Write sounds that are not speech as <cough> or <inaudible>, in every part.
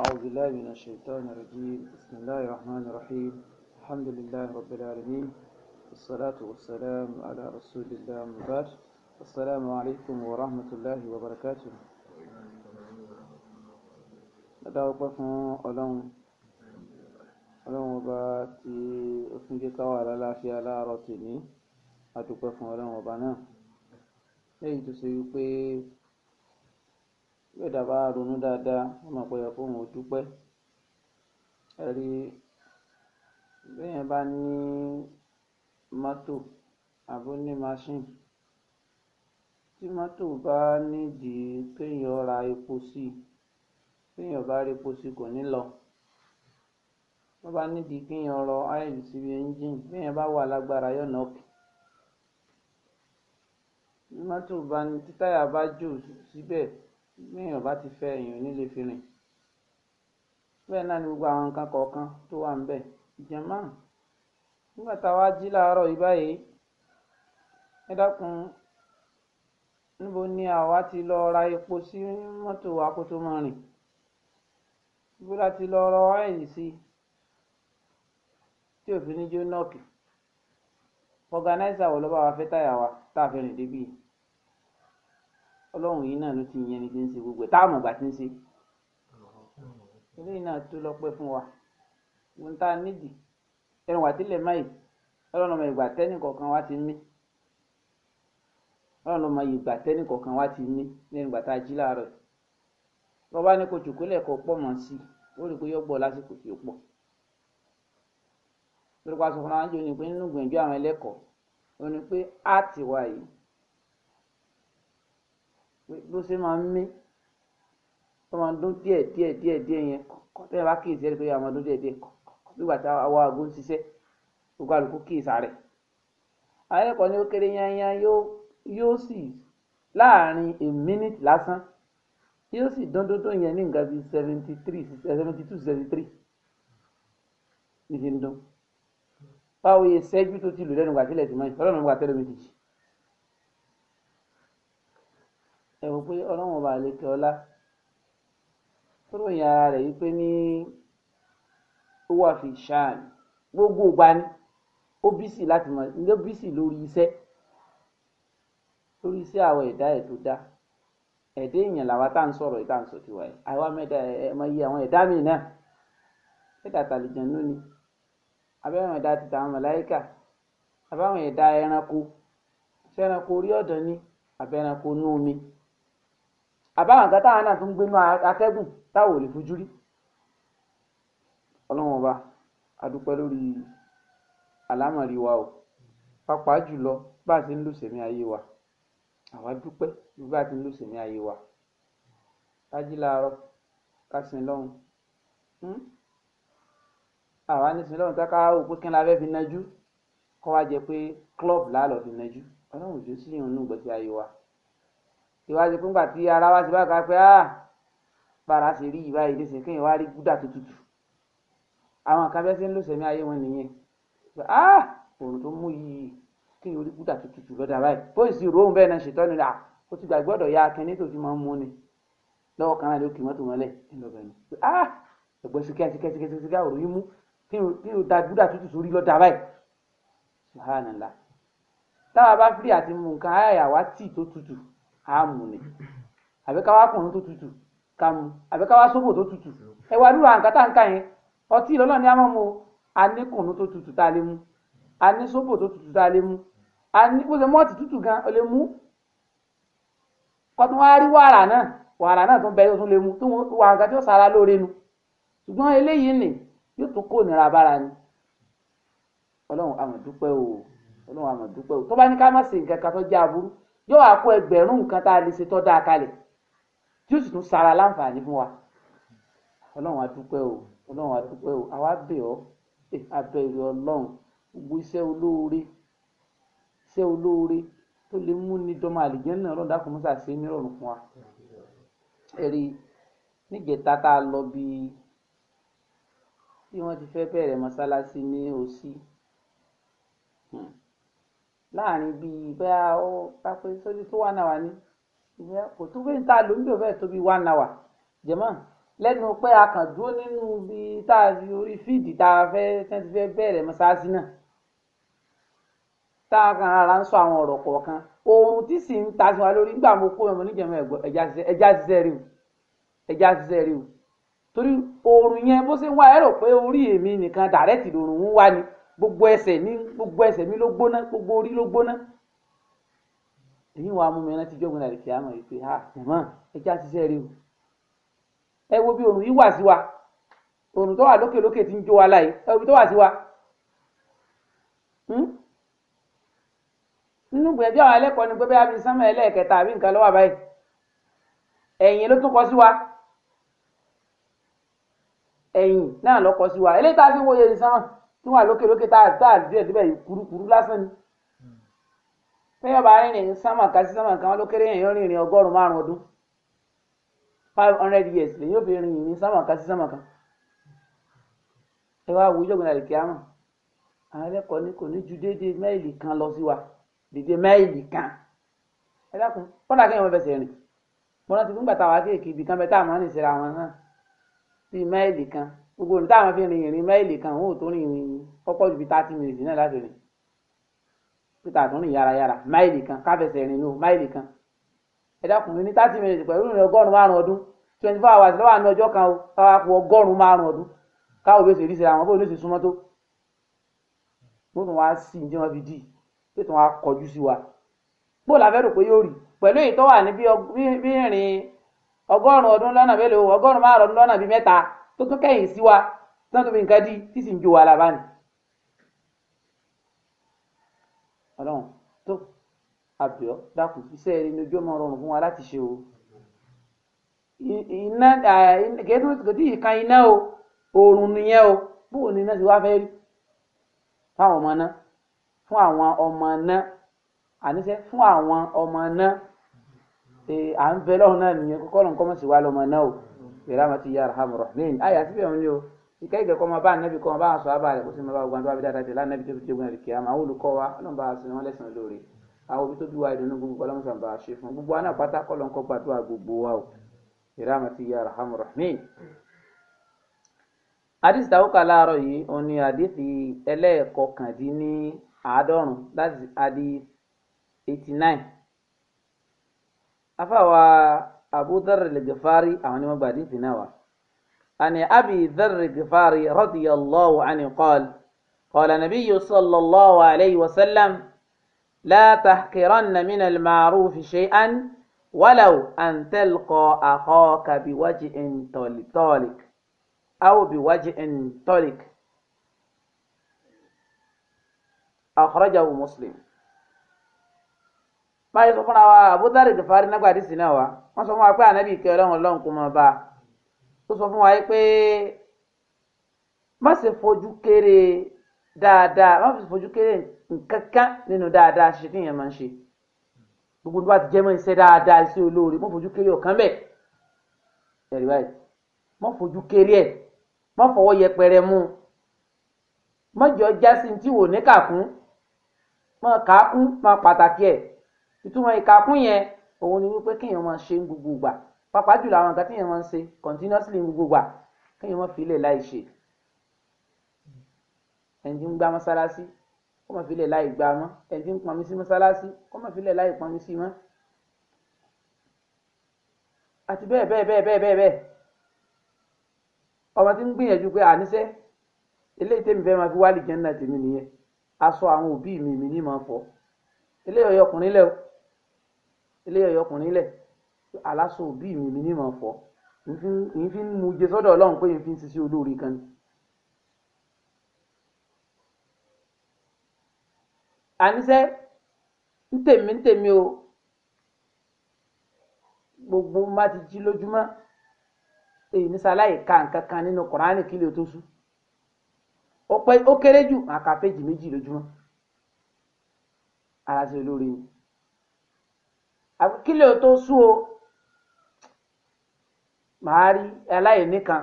أعوذ بالله من الشيطان الرجيم بسم الله الرحمن الرحيم الحمد لله رب العالمين الصلاة والسلام على رسول الله مبارك السلام عليكم ورحمة الله وبركاته adáwọ́pẹ́ fún ọlọ́run ọlọ́run ọba tí ó tún jẹ́ káwà lálàáfíà láàárọ̀ tèmi a dúpẹ́ fún ọlọ́run bí ẹ̀dá bá ronú dáadáa wọ́n mọ̀ pé ó yẹ kóun ó dúpẹ́ ẹ̀rí béèyàn bá ní mọ́tò àbó ní machine tí mọ́tò bá nídìí kéèyàn ra epo sí i kéèyàn bá rí epo sí i kò ní lọ tó bá nídìí kéèyàn rọ áìlì síbi ẹ́ńjìn béèyàn bá wà lágbára yóò nà ókè bí bá ní tí bá jò síbẹ̀ béèyàn bá ti fẹ́ èèyàn ò ní lè fi rìn bẹ́ẹ̀ náà ni gbogbo àwọn nǹkan kọ̀ọ̀kan tó wà ń bẹ̀ jàmá nígbà táwa jí láàárọ̀ yìí báyìí ẹ dákun níbo ni àwa ti lọ ra epo sí mọ́tò wa kó tó máa rìn níbo la ti lọ rọ ọ́ìlì sí tí òfin ní jónọ́ọ̀kì fọganáísà wo ló bá wa fẹ́ táyà wa tá a fi rìn débi yìí ọlọ́run yìí náà ló ti yẹn ni ti ń ṣe gbogbo ẹ̀ táàmù ìgbà ti ń ṣe eléyìí náà tó lọ́pẹ́ fún wa ohun tá a nídìí ẹnu wà tílẹ̀ máyì ọlọ́run ọmọ ìgbà tẹ́nì kọ̀ọ̀kan wá ti mí ọlọ́run ọmọ ìgbà tẹ́nì kọ̀ọ̀kan wá ti mí lẹ́nu ìgbà tá a jí láàárọ̀ bọ́bá ní kò jùkúlẹ̀ kọ́ pọ̀ mọ́ sí i ó rí i pé yóò gbọ́ lásìkò tí ó pọ̀ lórúkọ aṣọ fúnra wọn jò ní pé bó ṣe máa ń mí tó máa dún díẹ̀ díẹ̀ díẹ̀ díẹ̀ yẹn kọ́ tẹ́lẹ̀ bá kíyèsí ẹni pé a máa dún díẹ̀ díẹ̀ kọ́ nígbà a àwọn àgbo ń ṣiṣẹ́ gbogbo àlùkò kíyèsí rẹ̀ àyẹ̀kọ́ ni ó kéré yányá yóò sì láàrin a minute lásán yóò sì dún dúndún yẹn ní nǹkan bíi seventy three seventy two seventy three ní ti ń dún báwo yẹ sẹ́jú tó ti lù lẹ́nu gbàtílẹ̀ tì mọ́ ọlọ́run gbàtẹ́lẹ̀ mi ti jì. ẹ wò pé ọlọ́run ọba àlekè ọlá tó ròyìn ara rẹ̀ wípé ní ó wà fi ṣáàn gbogbo ìgbà ni ó bísì láti mọ ilé bísì lórí iṣẹ́ lórí iṣẹ́ àwọn ẹ̀dá ẹ̀ tó dá ẹ̀dá èèyàn làwa tá à ń sọ̀rọ̀ ìta à tiwa ẹ̀ àwa mẹ́ta ẹ̀ mọ iye àwọn ẹ̀dá mi náà ẹ̀dá tàlìjàn ló ni abẹ́rùn ẹ̀dá ti tàwọn màláíkà abẹ́rùn ẹ̀dá ẹranko ṣẹ́ranko orí ọ̀dàn ni abẹ́ranko nú omi àbáwọn nǹkan táwọn náà tún gbénú atẹ́gùn táwọn ò lè fojú rí ọlọ́run ọba adúpẹ́ lórí àlámọ̀rí wa o pàápàá jùlọ bá a ti ń lò sẹ̀mí ayé wa àwa dúpẹ́ bí bá a ti ń lò sẹ̀mí ayé wa kájí láàárọ̀ ká sin lọ́hùn hmm? àwa ní sin lọ́hùn táká o pé kí n la fẹ́ fi nájú kọ́ wa jẹ pé club làálọ̀ fi nájú ọlọ́run ò jó sí ìrònú ìgbésí ayé wa ìwádìí fún gbà tí ara wa ti bá ka pé ah bára ṣe rí ìwà yìí lẹ́sìn kéèyàn wá rí gúdà tó tutù àwọn kan bẹ́ẹ̀ ṣe ń lòsẹ̀mí ayé wọn nìyẹn ah òòrùn tó mú yìí kéèyàn rí gúdà tó tutù lọ́dà báyìí bóyì sí ròhùn bẹ́ẹ̀ náà ṣètọ́ nira ó ti gbàgbé ya akẹ́ni tó fi máa ń mú ni lọ́wọ́ kan náà ló kì mọ́tò mọ́lẹ̀ ńlọbẹ̀ ni ah ẹ̀gbọ́n sí kẹ́síkẹ́síkẹ́síkẹ́ òòrùn yín mú kéèyàn da gúdà tutù sórí lọ́dà báyìí subhanallah táwa bá fìrí àti mú nǹkan ayàwá tíì tó tutù àmù ni àbí ká wá kùnrin tó tutù ká mu àbí ká wá sóbò tó tutù ẹ wá dúró àǹkà tá à ń kà yẹn ọtí lọ́nà ni a máa mu a ní kùnrin tó tutù tá a lè mu a ní sóbò tó tutù tá a lè mu a ní bó ṣe mọ́ọ̀tì tutù gan ọ lè mu kọ́tún wá rí wàrà náà wàrà náà tó ń bẹ yóò tún lè mu tó wà àǹkà tí ó sara lóore nu ṣùgbọ́n eléyìí nì yóò tún kó nira bára ni ọlọ́run àmọ̀dúpẹ́ o ọlọ́run àmọ̀dúpẹ́ o tó bá ní ká má ṣe nǹkan kan tó jẹ́ aburú yóò wá kó ẹgbẹ̀rún nǹkan tá a lè ṣe tọ́ dáa kalẹ̀ tí ó sì tún sara láǹfààní fún wa ọlọ́run adúpẹ́ o ọlọ́run adúpẹ́ o àwa bẹ̀ ọ́ abẹ́rẹ́ ọlọ́run gbogbo iṣẹ́ olóore iṣẹ́ olóore tó lè mú ní dọ́mọ àlìjẹ́ náà ọlọ́run dákun mọ́sà ṣe nírọ̀rùn fún wa ẹ̀rí níjẹta tá a lọ bí bí wọ́n ti fẹ́ bẹ̀rẹ̀ mọ́sálásí ní òsì. Hmm, láàrin bíi bóyá ó bá pé sórí tó one hour ni ìyẹn kò tún pé níta ló ń lò bẹ́ẹ̀ tó bíi one hour jẹ̀mọ́ lẹ́nu pé a kàn dúró nínú ibi tá a fi orí fíìdì tá a fẹ́ tí fẹ́ bẹ̀rẹ̀ mọ́ṣáláṣí náà tá a kan ara ń sọ àwọn ọ̀rọ̀ kọ̀ọ̀kan ohun tí sì ń ta sí wa lórí nígbà mo kó ọmọ níjẹ̀mọ́ ẹja ṣiṣẹ́ rí o ẹja ṣiṣẹ́ rí o torí oorun yẹn bó ṣe ń wá ẹ pé orí èmi nìkan dàrẹ́tì lòrùn ń wá ni gbogbo ẹsẹ̀ mi gbogbo ẹsẹ̀ mi ló gbóná gbogbo orí ló gbóná èyí wàá mú mi rántí jọ́gbìn àti kìámọ̀ yìí pé ha jẹ̀mọ́ ẹja ṣiṣẹ́ rí o ẹ wo bí òrùn yìí wà sí wa òrùn tó wà lókè lókè ti ń jó wa láyé ẹ wo bí tó wà sí wa hmm? nínú gbìyànjú àwọn ẹlẹ́kọ̀ọ́ ni pé bẹ́ẹ̀ bí sánmọ̀ ẹlẹ́ẹ̀kẹta àbí nǹkan lọ́wọ́ báyìí ẹ̀yìn ló tún kọ sí wa ẹ̀yìn náà ló kọ sí wa eléyìí tá a ti wòye ìsánmọ̀ tí wọ́n lókè lókè tá a tá a díẹ̀ díẹ̀ kurukuru lásán ni. bẹ́ẹ̀ bá rìnrìn sámà ká sí sámà kan lókèrè yẹn yóò rìnrìn ọgọ́rùn-ún márùn-ún ọdún five hundred years lè yóò fi rìn ìrìn sámà ká sí sámà kan. ẹ wá wo ìjọba ìlẹ̀ kíámà àwọn ẹlẹ́kọ̀ọ́ ní kò ní ju déédéé máìlì kan lọ sí wa déédéé máìlì kan ẹ dákun kọ́dà kéèyàn wọ́n fẹsẹ̀ rìn mo rántí fún gbàtà wá kéèké ibì kan bẹ́ẹ̀ tá gbogbo òní táwọn fi rìn kan o tó rìn ìrìn kọ́kọ́ ju bíi thirty minutes náà láti rìn peter tó rìn yárayára kan káfẹsẹ̀ rìn ní o kan ẹ dákun ní thirty minutes pẹ̀lú ìrìn ọgọ́rùn-ún márùn ọdún twenty four kan ọgọ́rùn-ún márùn ọdún káwọ́ súnmọ́ tó tún wá sí wọn fi dì í tó tún kẹ́yìn sí wa tán tó fi nǹkan dí tí sì ń jó wa lábá ni. ọlọ́run tó àbíọ́ dákun iṣẹ́ ẹni ní ojú ọmọ rọrùn fún wa láti ṣe o iná kò tí ì kan iná o oòrùn nìyẹn o bóò ni iná ti wá fẹ́ rí fáwọn ọmọ náà fún àwọn ọmọ náà àníṣe fún àwọn ọmọ náà à ń bẹ lọ́hùn náà nìyẹn kọ́kọ́ lọ́nkọ́ mọ̀ wa lọ́mọ náà o biramati ya arhamu rahimin aya síbẹ̀ wọn ni o ìka ìgbẹ́ kọ́ máa bá anabi kọ́ máa bá aṣọ abáàlẹ̀ kó sì máa bá gbogbo àdúrà bí dáadáa tẹ̀lé anabi tó fi tẹ́gun ẹ̀rì kìá máa olùkọ́ wa ọlọ́run bá a sin wọn lẹ́sìn lóore àwọn òbí tó bí wa ìdùnnú gbogbo ọlọ́run sàn bá a ṣe fún gbogbo aná pátá kọ́ lọ́nkọ́ gbàdúrà gbogbo wa o biramati ya arhamu rahimin. hadith tawuka láàárọ̀ yìí òun ni hadith ẹlẹ́ẹ̀kọkàndínní àádọ́rùn láti hadith eighty nine afáwa abu dharr al-ghifari àwọn ni wọ́n gba àdìsí náà wá. ani abi dharr al-ghifari radiyallahu anhu qala qala nabiyyu sallallahu alayhi wa sallam la tahqiranna min al-ma'ruf shay'an walaw an talqa akhaka biwajhin talik aw biwajhin talik akhrajahu muslim báyìí sọ fúnra wa àbúdárì gàfárí nígbàdí sí náà wa wọ́n sọ fún wa pé anabi ìkẹ́ ọlọ́run ọlọ́run kò mọ̀ bá ó sọ fún wa pé má ṣe fojú kéré dáadáa má ṣe fojú kéré nǹkan kan nínú dáadáa ṣe tíyẹn máa ń ṣe gbogbo nípa ti jẹ́ mọ́ iṣẹ́ dáadáa iṣẹ́ olóore má fojú kéré ọ̀kan bẹ́ẹ̀ ẹ̀rí báyìí má fojú kéré ẹ̀ má fọwọ́ yẹpẹrẹ mú un jọ jásí tí wò ní kàkún má kàákún má pàtàkì ẹ̀ ìtumọ̀ ìkàkún yẹn òun ni wípé kéèyàn máa ṣe gbogbo ìgbà pàápàá jùlọ àwọn nǹkan téèyàn máa ń ṣe continuously gbogbo ìgbà kéèyàn máa fi ilẹ̀ láì ṣe ẹni tí ń gbá mọ́sálásí kó máa fi ilẹ̀ láì gbá mọ́ ẹni tí ń pọnmi sí mọ́sálásí kó máa fi ilẹ̀ láì pọnmi sí mọ́ àti bẹ́ẹ̀ bẹ́ẹ̀ bẹ́ẹ̀ bẹ́ẹ̀ bẹ́ẹ̀ bẹ́ẹ̀ ọmọ tí ń gbìyànjú pé àníṣe eléyìí tèmi fẹ́ máa fi wálì jẹ́ ńlá tèmi nìyẹn aṣọ àwọn òbí mi mi ní máa fọ eléyìí ọyọkùnrin lẹ́wọ̀ ilé ẹyọ ọkùnrin lẹ aláṣọ òbí mi mi ní màá fọ n fi ń mu jẹ sọ́dọ̀ Ọlọ́run pé n fi ń ṣiṣẹ́ olóore kan ni. àníṣe ntèmi ntèmi o gbogbo má ti jí lójúmọ́ èyí ní sáláì ka nǹkan kan nínú Kùránì kí lè tó sùn ó kéré jù àkà péjì méjì lójúmọ́ ara ṣe olóore ni àfi kílẹ̀ o tó sú o màá rí aláìní kan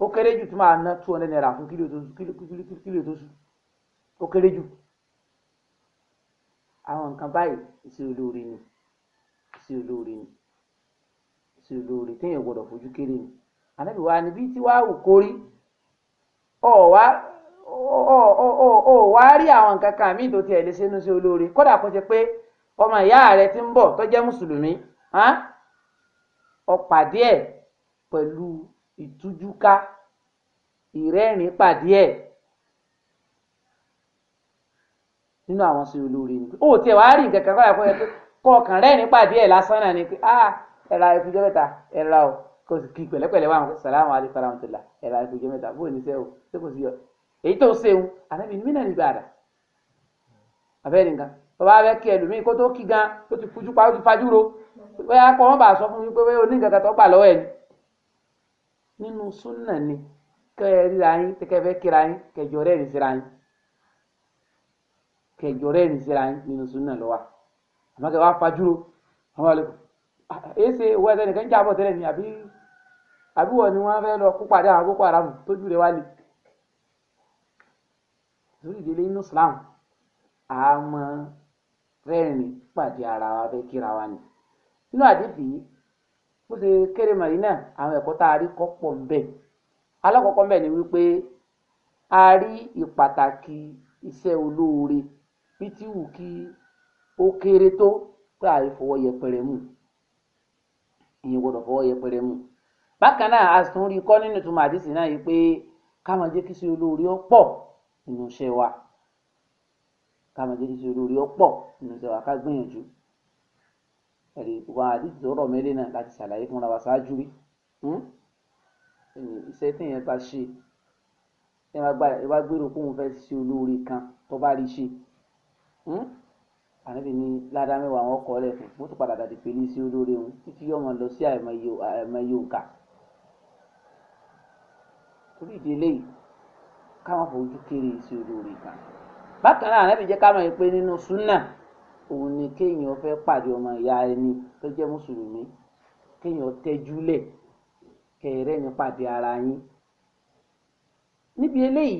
ó kéré jù tí màá ná two hundred naira fún kílẹ̀ o tó sú kílẹ̀ o tó sú ó kéré jù àwọn nǹkan báyìí sí olóore ni sí olóore ni sí olóore téèyàn gbọdọ̀ fojú kéré ni ànábì wa níbi tí wàá wù kórí ọ̀ wá ọ̀ ọ̀ ọ̀ wá rí àwọn nǹkan kan míì tó tiẹ̀ lé sínú sí olóore kódà kó ṣe pé ọmọ ìyá rẹ ti ń bọ̀ tó jẹ́ mùsùlùmí ọ̀pàdé ẹ̀ pẹ̀lú ìtújúká ìrẹ́rìn pàdé ẹ̀ nínú àwọn sí olóore ni ó tiẹ̀ wàá rí nǹkan kan báyà kó yẹ pé kó ọkàn rẹ́rìn pàdé ẹ̀ lásán náà ni pé ah ẹ̀ra ìfijọ́ mẹ́ta ẹ̀ra o kò sì kí pẹ̀lẹ́pẹ̀lẹ́ wà sàlámù alẹ́ faramtìlá ẹ̀ra ìfijọ́ mẹ́ta bóyá ní sẹ́wọ̀ ṣé kò sí yọ èyí tó ń sẹ́wọ̀n àtàbí mí náà nígbà rà abẹ́rẹ́ nǹkan ọba rẹ kí ẹlòmíì kó tó kí gan tó ti fojú pa ó ti fajúro bóyá kọ́ wọ́n bá sọ fún mi pé bóyá oníǹkan tó gbà ni nínú súnà ni ẹ yín ẹ yín kẹjọ rìn síra yín kẹjọ rìn síra yín nínú súnà wá lọ kó padà àwọn Boko Haram tójú wá lè lórí ìdílé inú rẹ́rìn pàdé ara wa fẹ́ kíra wa ni nínú àdìsí yìí bó ṣe kéré mọ̀ yìí náà àwọn ẹ̀kọ́ tá a rí kọ́ pọ̀ ń bẹ̀ alákọ̀ọ́kọ́ ń bẹ̀ ni wípé a rí ìpàtàkì iṣẹ́ olóore bí tí wù kí ó kéré tó pé àì fọwọ́ yẹpẹrẹ mú ìyẹn gbọ́dọ̀ fọwọ́ yẹpẹrẹ mú bákan náà a tún rí kọ́ nínú ìtumọ̀ àdìsí náà yìí pé ká máa jẹ́ kí iṣẹ́ olóore ó nínú iṣẹ́ wa káàmà jẹ́ kíṣe olórí ọ̀pọ̀ nínú ìṣẹ̀wà ká gbìyànjú ẹ̀rí wa àdìsí ọ̀rọ̀ mẹ́lẹ́ náà láti ṣàlàyé fúnra wa ṣáájú hmm? rí iṣẹ́ téèyàn bá ṣe ẹ bá gbèrò kóun fẹ́ ṣe olóore kan tó bá rí ṣe hmm? àníbi ní ládàá mẹ́wàá wọn kọ́ lẹ̀ fún mọ́tò padà dàdí pé sí olóore òun títí ọmọ lọ sí àìmọye torí ìdí káwọn fojú kéré sí olóore kan bákan náà ànábì jẹ́ ká mọ̀ pé nínú súnà òun ni kéèyàn fẹ́ pàdé ọmọ ìyá ẹni tó jẹ́ mùsùlùmí kéèyàn tẹjúlẹ̀ kẹrẹ ní pàdé ara yín níbi eléyìí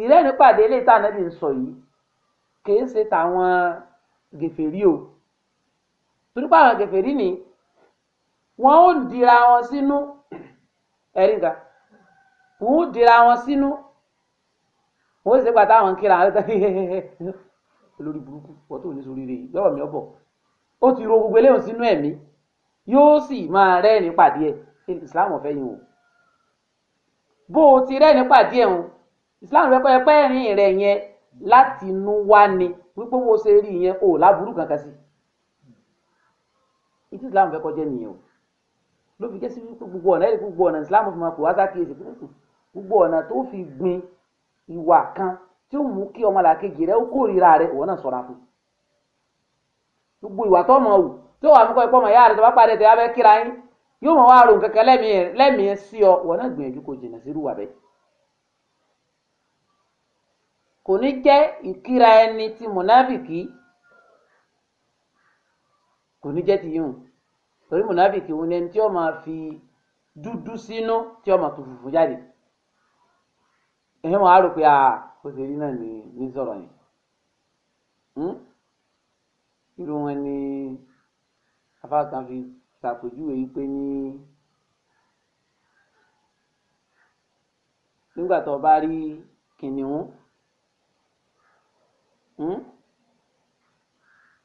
ìrẹ́ni pàdé eléyìí tá ànábì ń sọ yìí kìí ṣe tàwọn gèfèrí o torí pé gèfèrí ni wọn ò dira wọn sínú ẹ̀rí nǹkan wọn ò dira wọn sínú wọ́n sì ṣe pàtó àwọn kíra àwọn tẹ́lẹ̀ hehehe lórí burúkú wọ́n tó ní sórí rẹ̀ yọ̀rọ̀ mi ọ̀bọ̀ ó ti ro gbogbo eléyìí sínú ẹ̀mí yóò sì máa rẹ́ẹ̀ní pàdé ẹ̀ Islam ọ̀fẹ́ yìí o bó o ti rẹ́ẹ̀ní pàdé ẹ̀ o Islam pẹ́pẹ́ rìn rẹ̀ yẹn láti inú wá ni wípé wo ṣe rí yẹn o láburú kankan sí ìtí Islam fẹ́ kọjá nìyẹn o ló fi jẹ́ sí gbogbo ọ̀nà ẹ̀ gbogbo ọ̀nà Islam fi máa kó wá sákìyèsí gbogbo ọ̀nà tó fi gbin ìwà kan tí ó mú kí ọmọlàkejì rẹ ó kórìíra rẹ ìwọ náà ṣọ́ra fún gbogbo ìwà tó mọ wù tí ó wà nípa ìpọ́nmọ ìyá rẹ tó bá pàdé tẹ abẹ́ kíra yín yóò mọ̀ wá rò kankan lẹ́mìí lẹ́mìí sí ọ ìwọ náà gbìyànjú kó jìnnà sí irúwà bẹ́ẹ̀ kò ní jẹ́ ìkíra ẹni tí mùnáfìkì kò ní jẹ́ ti yíhun torí mùnáfìkì òun ni ẹni tí ó máa fi dúdú sínú tí ó máa tó funfun jáde ẹ̀yìn wọn á rò pé a ó náà ní ní sọ̀rọ̀ yẹn hmm? irú wọn ni afáàkàn fi ṣàpèjúwe yìí pé ní nígbà tó bá rí kìnìún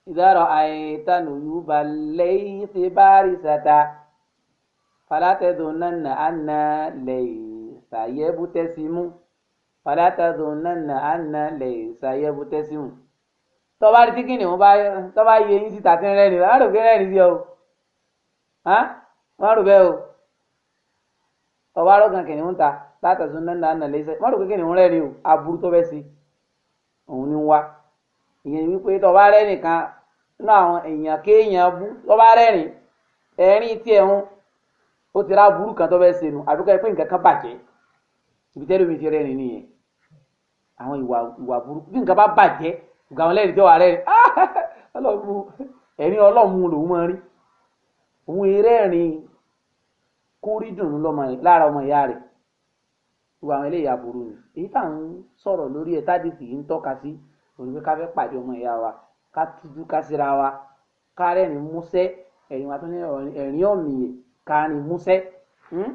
ìdárọ̀ àìtánù yìí bá lẹ́yìn tí bá rí sata falátẹ́dùn náà nà á nà lẹ́yìn sàyẹ́bù tẹ́sí falatazunanna anna lè ṣàyẹ̀wò tẹ́síwù tọ́ba rí tíkìnì wọn bá tọ́ba yẹ yín síta tí ń ni, wọn á rò pé rẹ́ni sí ọ wọn á rò bẹ́ẹ̀ o ọba rọ̀gàn kìnìún ta látàzunanna anna lè ṣàyẹ̀wò wọn rò pé kìnìún rẹ́ni o aburú tó fẹ́ sí òun ni wá ìyẹn wípé tọ́ba rẹ́ni kan nínú àwọn èèyàn kéèyàn bú tọ́ba rẹ́ni ẹ̀rín tiẹ̀ ń ó ti rá burú kan tó fẹ́ sẹ́nu àbíkọ́ ẹ pé nǹkan kan bàjẹ́ ibi tẹ́lẹ̀ mi ti nìyẹn àwọn ìwà ìwà burúkú bí nǹkan bá bàjẹ́ ìgbà wọn lẹ́rìí jọ́wọ́ rẹ̀ <laughs> ah, ọlọ́run ẹ̀rín ọlọ́run lòun máa rí òun erẹ́rìn kó rí dùnú lára ọmọ ìyá rẹ̀ ìwà àwọn eléyà burú ni èyí tá à ń sọ̀rọ̀ lórí ẹ̀ tádìsì yìí ń tọ́ka sí òun pé ká fẹ́ pàdé ọmọ ìyá wa ká tújú ká síra wa ká rẹ́rìn músẹ́ ẹ̀rín wa tó ní ẹ̀rín ọ̀mìyẹ ká rìn músẹ́ hmm,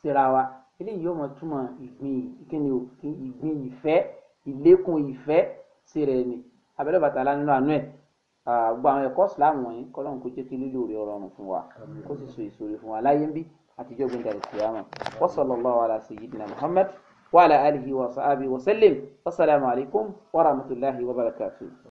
síra wa eléyìí yóò mọ túmọ̀ ìgbìn ìkíni òfin ìgbìn ìfẹ́ ìlékún ìfẹ́ sí rẹ̀ ni abẹ́rẹ́ bàtà alá nínú àánú ẹ̀ gbogbo àwọn ẹ̀kọ́ Islam wọ̀nyí kọ́lọ́n kó jẹ́ kí lílo rẹ̀ ọ̀rọ̀rùn fún wa kó sì so èso rẹ̀ fún wa láyé ń bí àtijọ́ gbẹ̀ngà ìkìyàmà wa sallallahu ala sayyidina Muhammad wa ala alihi wa sahbihi wa sallim